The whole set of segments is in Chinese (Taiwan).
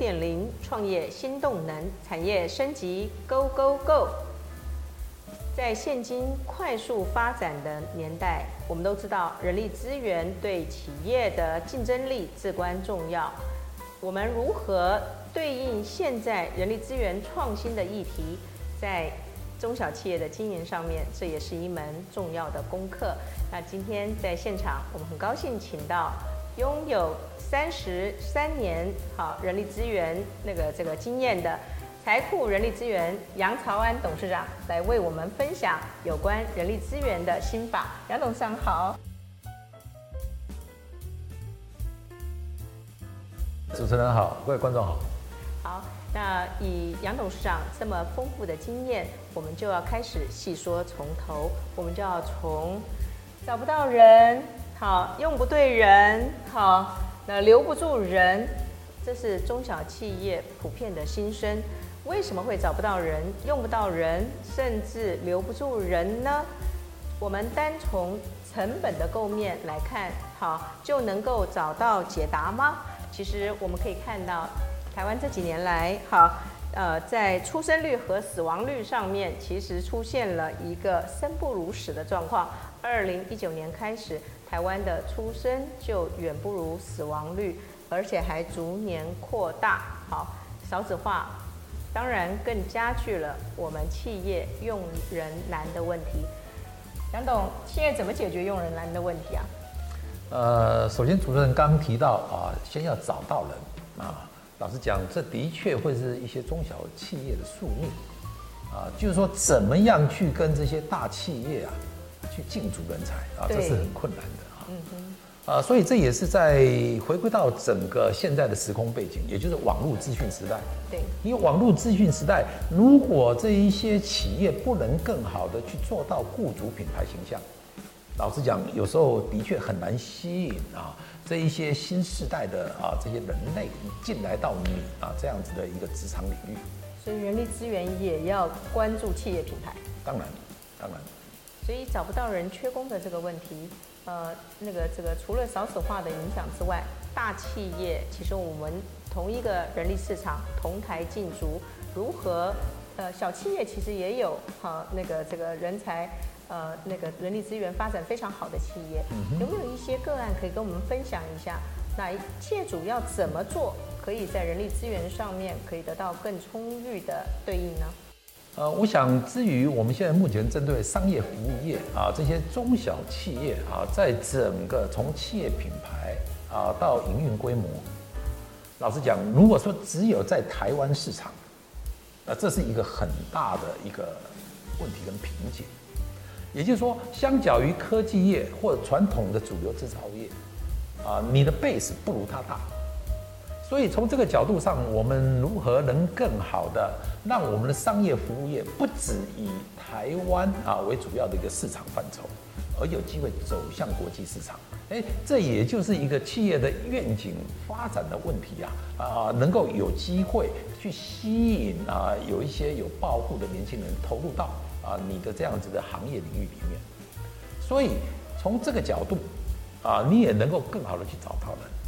點零創業新動能產業升級，Go Go Go。在現今快速發展的年代，我們都知道人力資源對企業的競爭力至關重要。我們如何對應現在人力資源創新的議題，在中小企業的經營上面，這也是一門重要的功課。那今天在現場，我們很高興請到擁有三十三年好人力資源那個這個經驗的才庫人力資源楊朝安董事長來為我們分享有關人力資源的心法。楊董事長好，主持人好，各位觀眾好。好，那以楊董事長這麼豐富的經驗，我們就要開始細說從頭，我們就要從找不到人。好，用不對人，好，那留不住人，這是中小企業普遍的心聲。為什麼會找不到人、用不到人，甚至留不住人呢？我們單從成本的構面來看，好，就能夠找到解答嗎？其實我們可以看到，台灣這幾年來，好，呃，在出生率和死亡率上面，其實出現了一個生不如死的狀況。二零一九年開始。台灣的出生就遠不如死亡率，而且還逐年擴大。好，少子化當然更加劇了我們企業用人難的問題。楊董，企業怎麼解決用人難的問題啊？呃，首先，主持人剛提到啊，先要找到人啊。老實講，這的確會是一些中小企業的宿命啊。就是說，怎麼樣去跟這些大企業啊？競逐人才啊，這是很困難的啊。嗯哼，啊，所以這也是在回歸到整個現在的時空背景，也就是網絡資訊時代。對，因為網絡資訊時代，如果這一些企業不能更好的去做到雇主品牌形象，老實講，有時候的確很難吸引啊這一些新世代的啊這些人類進來到你啊這樣子的一個職場領域。所以人力資源也要關注企業品牌。當然，當然。所以找不到人、缺工的這個問題，呃，那個這個除了少子化的影響之外，大企業其實我們同一個人力市場同台競逐，如何？呃，小企業其實也有哈、呃，那個這個人才，呃，那個人力資源發展非常好的企業，有沒有一些個案可以跟我們分享一下？那企業主要怎麼做，可以在人力資源上面可以得到更充裕的對應呢？呃，我想，至於我們現在目前針對商業服務業啊，這些中小企業啊，在整個從企業品牌啊到營運規模，老實講，如果說只有在台灣市場，那、啊、這是一個很大的一個問題跟瓶頸。也就是說，相較於科技業或者傳統的主流製造業，啊，你的 base 不如他大。所以從這個角度上，我們如何能更好的讓我們的商業服務業不止以台灣啊為主要的一個市場範疇，而有機會走向國際市場？哎，這也就是一個企業的願景發展的問題啊。啊，能夠有機會去吸引啊有一些有抱負的年輕人投入到啊你的這樣子的行業領域裡面。所以從這個角度，啊，你也能夠更好的去找到人。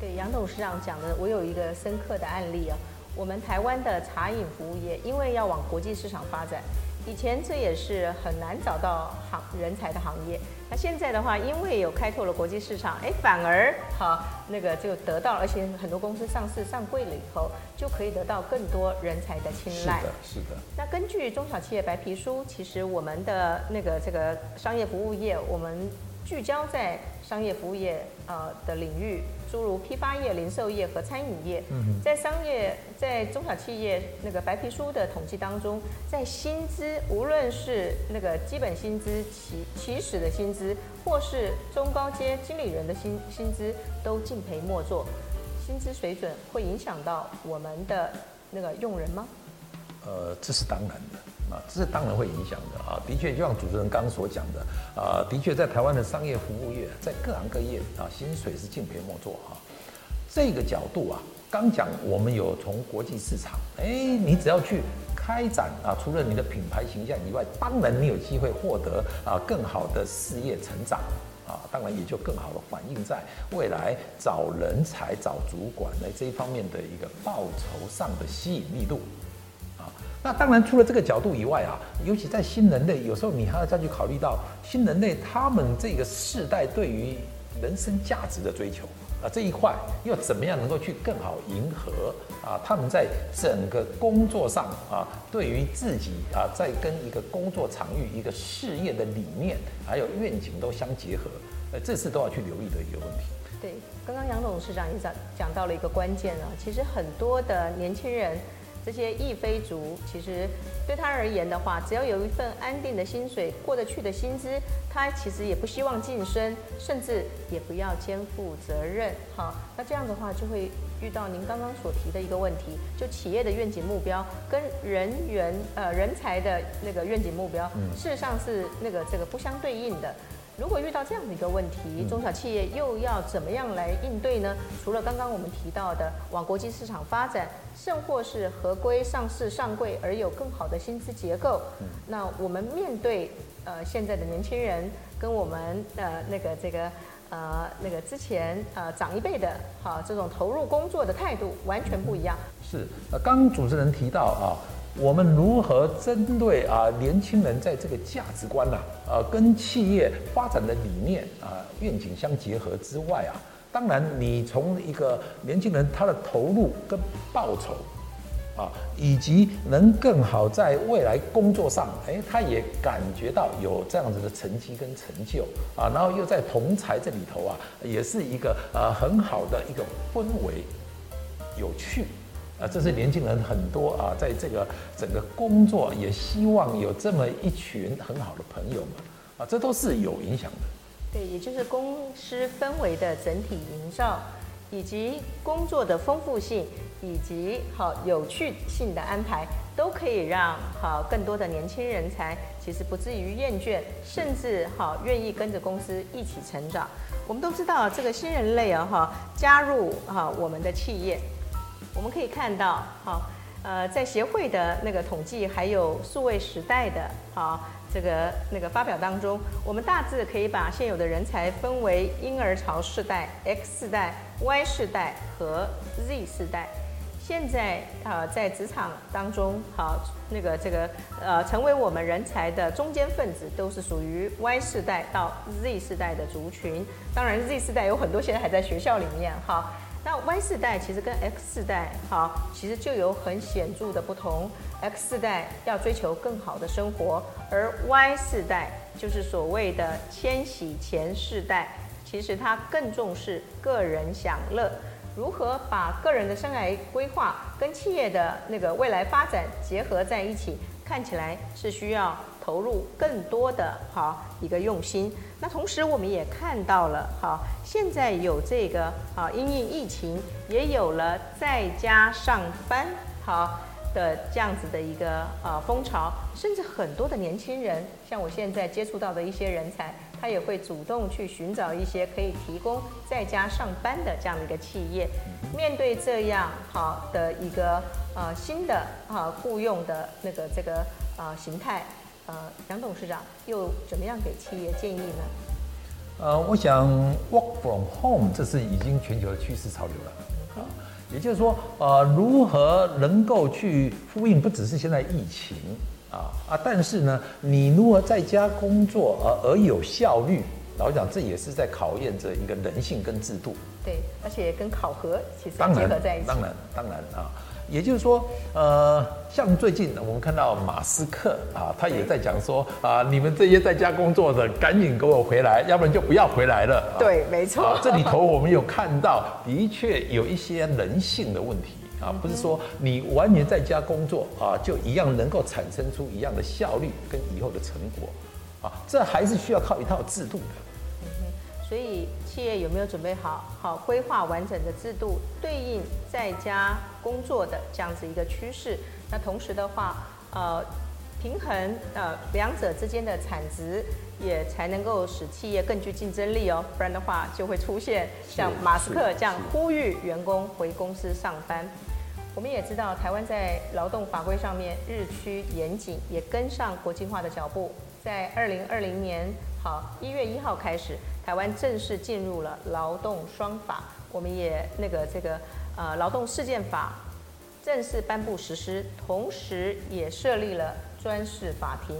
對，楊董事長講的，我有一個深刻的案例啊、哦。我們台灣的茶飲服務業，因為要往國際市場發展，以前這也是很難找到行人才的行業。那現在的話，因為有開拓了國際市場，哎，反而好，那個就得到，而且很多公司上市上櫃了以後，就可以得到更多人才的青睞。是的，是的。那根據中小企業白皮書，其實我們的那個這個商業服務業，我們聚焦在商業服務業呃的領域。諸如批發業、零售業和餐飲業，在商業在中小企業那個白皮書的統計當中，在薪資無論是那個基本薪資起起始的薪資，或是中高階經理人的薪薪資，都敬陪末座。薪資水準會影響到我們的那個用人嗎？呃，這是當然的。啊，這是當然會影響的啊，的確，就像主持人剛剛所講的啊，的確，在台灣的商業服務業，在各行各業啊，薪水是敬陪末座。啊。這個角度啊，剛講我們有從國際市場，哎，你只要去開展啊，除了你的品牌形象以外，當然你有機會獲得啊更好的事業成長啊，當然也就更好的反映在未來找人才、找主管來這一方面的一個報酬上的吸引力度。那當然，除了這個角度以外啊，尤其在新人類，有時候你還要再去考慮到新人類他們這個世代對於人生價值的追求啊，這一塊，又怎麼樣能夠去更好迎合啊他們在整個工作上啊，對於自己啊，在跟一個工作場域、一個事業的理念還有願景都相結合，呃，這是都要去留意的一個問題。對，剛剛楊董事長也講講到了一個關鍵啊，其實很多的年輕人。這些易非族，其實對他而言的話，只要有一份安定的薪水，過得去的薪資，他其實也不希望晉升，甚至也不要肩負責任。好，那這樣的話就會遇到您剛剛所提的一個問題，就企業的願景目標跟人員，呃，人才的那個願景目標，事實上是那個這個不相對應的。如果遇到這樣的一個問題，中小企業又要怎麼樣來應對呢？嗯、除了剛剛我們提到的往國際市場發展，甚或是合規上市上櫃而有更好的薪資結構，嗯、那我們面對呃現在的年輕人跟我們呃那個這個呃那個之前呃長一輩的哈、啊、這種投入工作的態度完全不一樣。嗯、是，呃，剛剛主持人提到啊。哦我們如何針對啊年輕人在這個價值觀吶，啊，啊，跟企業發展的理念啊願景相結合之外啊，當然你從一個年輕人他的投入跟報酬，啊，以及能更好在未來工作上，哎，他也感覺到有這樣子的成績跟成就啊，然後又在同才這裡頭啊，也是一個呃，啊，很好的一個氛圍，有趣。啊，這是年輕人很多啊，在這個整個工作也希望有這麼一群很好的朋友們啊，這都是有影響的。對，也就是公司氛圍的整體營造，以及工作的豐富性以及好、哦、有趣性的安排，都可以讓好、哦、更多的年輕人才其實不至於厭倦，甚至好、哦、願意跟着公司一起成長。我們都知道這個新人類啊、哦，哈、哦，加入啊、哦、我們的企業。我們可以看到，好，呃，在協會的那個統計，還有數位時代的，好，這個那個發表當中，我們大致可以把現有的人才分為嬰兒潮世代、X 世代、Y 世代和 Z 世代。現在啊、呃，在職場當中，好，那個這個呃，成為我們人才的中堅分子，都是屬於 Y 世代到 Z 世代的族群。當然，Z 世代有很多現在還在學校裡面哈。那 Y 世代其實跟 X 世代好，其實就有很顯著的不同。X 世代要追求更好的生活，而 Y 世代就是所謂的千禧前世代，其實他更重視個人享樂。如何把個人的生涯規劃跟企業的那個未來發展結合在一起？看起來是需要投入更多的好一個用心。那同時，我們也看到了，哈，現在有這個啊，因應疫情也有了在家上班，哈的這樣子的一個啊風潮，甚至很多的年輕人，像我現在接觸到的一些人才。他也會主動去尋找一些可以提供在家上班的這樣的一個企業。面對這樣好的一個新的啊，雇傭的那個這個啊形態，啊、呃，楊董事長又怎麼樣給企業建議呢？呃，我想 work from home 這是已經全球的趨勢潮流了。也就是說，呃，如何能夠去呼應，不只是現在疫情。啊，但是呢，你如何在家工作而而有效率？老實講這也是在考驗着一個人性跟制度。對，而且跟考核其實結合在一起。當然，當然啊，也就是說，呃，像最近我們看到馬斯克啊，他也在講說對啊，你們這些在家工作的，趕緊給我回來，要不然就不要回來了。對，沒錯。啊，這裡頭我們有看到，的確有一些人性的問題。啊，不是說你完全在家工作啊，就一樣能夠產生出一樣的效率跟以後的成果，啊，這還是需要靠一套制度的。嗯哼，所以企業有沒有準備好，好規劃完整的制度，對應在家工作的這樣子一個趨勢？那同時的話，呃。平衡，呃，兩者之間的產值也才能夠使企業更具競爭力哦，不然的話就會出現像馬斯克這樣呼籲員工回公司上班。我們也知道，台灣在勞動法規上面日趨嚴謹，也跟上國際化的腳步。在二零二零年好一月一號開始，台灣正式進入了勞動雙法，我們也那個這個呃勞動事件法正式頒布實施，同時也設立了。專事法庭，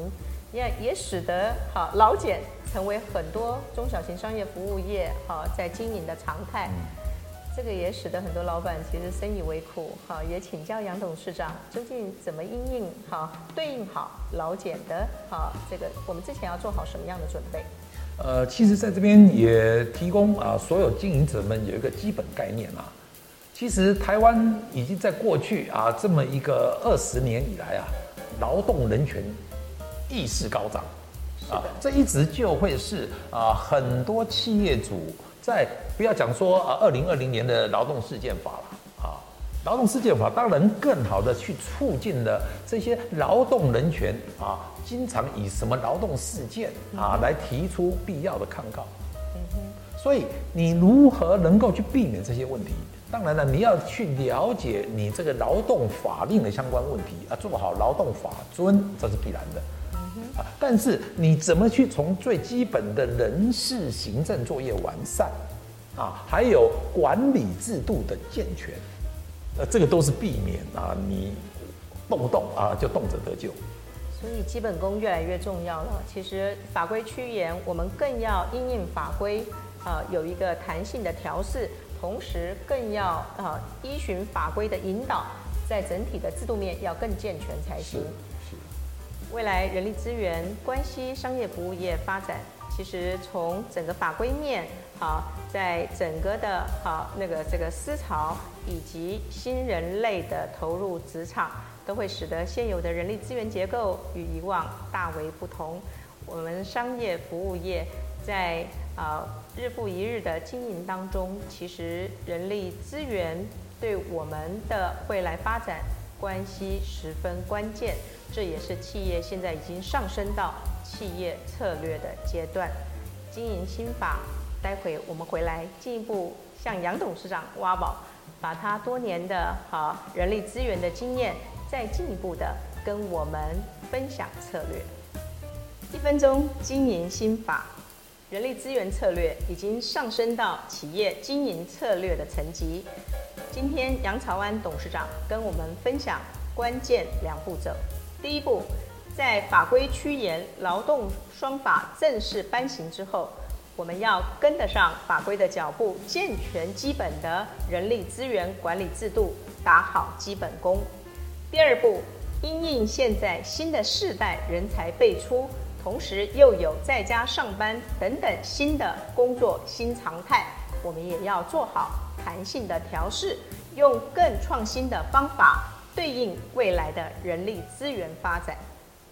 也也使得哈、啊、勞檢成為很多中小型商業服務業哈、啊、在經營的常態。嗯、這個也使得很多老板其實深以為苦哈、啊，也請教楊董事長究竟怎麼應應哈、啊、對應好勞檢的哈、啊、這個，我們之前要做好什麼樣的準備？呃，其實在這邊也提供啊所有經營者們有一個基本概念啊，其實台灣已經在過去啊這麼一個二十年以來啊。勞動人權意識高漲吧啊，這一直就會是啊，很多企業主在不要講說啊，二零二零年的勞動事件法了啊，勞動事件法當然更好的去促進了這些勞動人權啊，經常以什麼勞動事件、嗯、哼啊來提出必要的抗告，嗯哼，所以你如何能夠去避免這些問題？當然了，你要去了解你這個勞動法令的相關問題啊，做好勞動法遵，這是必然的啊。但是你怎麼去從最基本的人事行政作業完善啊，還有管理制度的健全，呃、啊，這個都是避免啊，你動不動啊就動輒得咎。所以基本功越來越重要了。其實法規趨嚴，我們更要因應法規啊、呃，有一個彈性的調適。同時，更要啊依循法規的引導，在整體的制度面要更健全才行。是。是。未來人力資源關係商業服務業發展，其實從整個法規面，好、啊，在整個的啊那個這個思潮以及新人類的投入職場，都會使得現有的人力資源結構與以往大為不同。我們商業服務業在。啊，日復一日的經營當中，其實人力資源對我們的未來發展關係十分關鍵。這也是企業現在已經上升到企業策略的階段。經營心法，待會我們回來進一步向楊董事長挖寶，把他多年的啊人力資源的經驗再進一步的跟我們分享策略。一分鐘經營心法。人力資源策略已經上升到企業經營策略的層級。今天，楊朝安董事長跟我們分享關鍵兩步驟。第一步，在法規趨嚴、勞動雙法正式頒行之後，我們要跟得上法規的腳步，健全基本的人力資源管理制度，打好基本功。第二步，因應現在新的世代人才輩出。同時，又有在家上班等等新的工作新常態，我們也要做好彈性的調適，用更創新的方法對應未來的人力資源發展。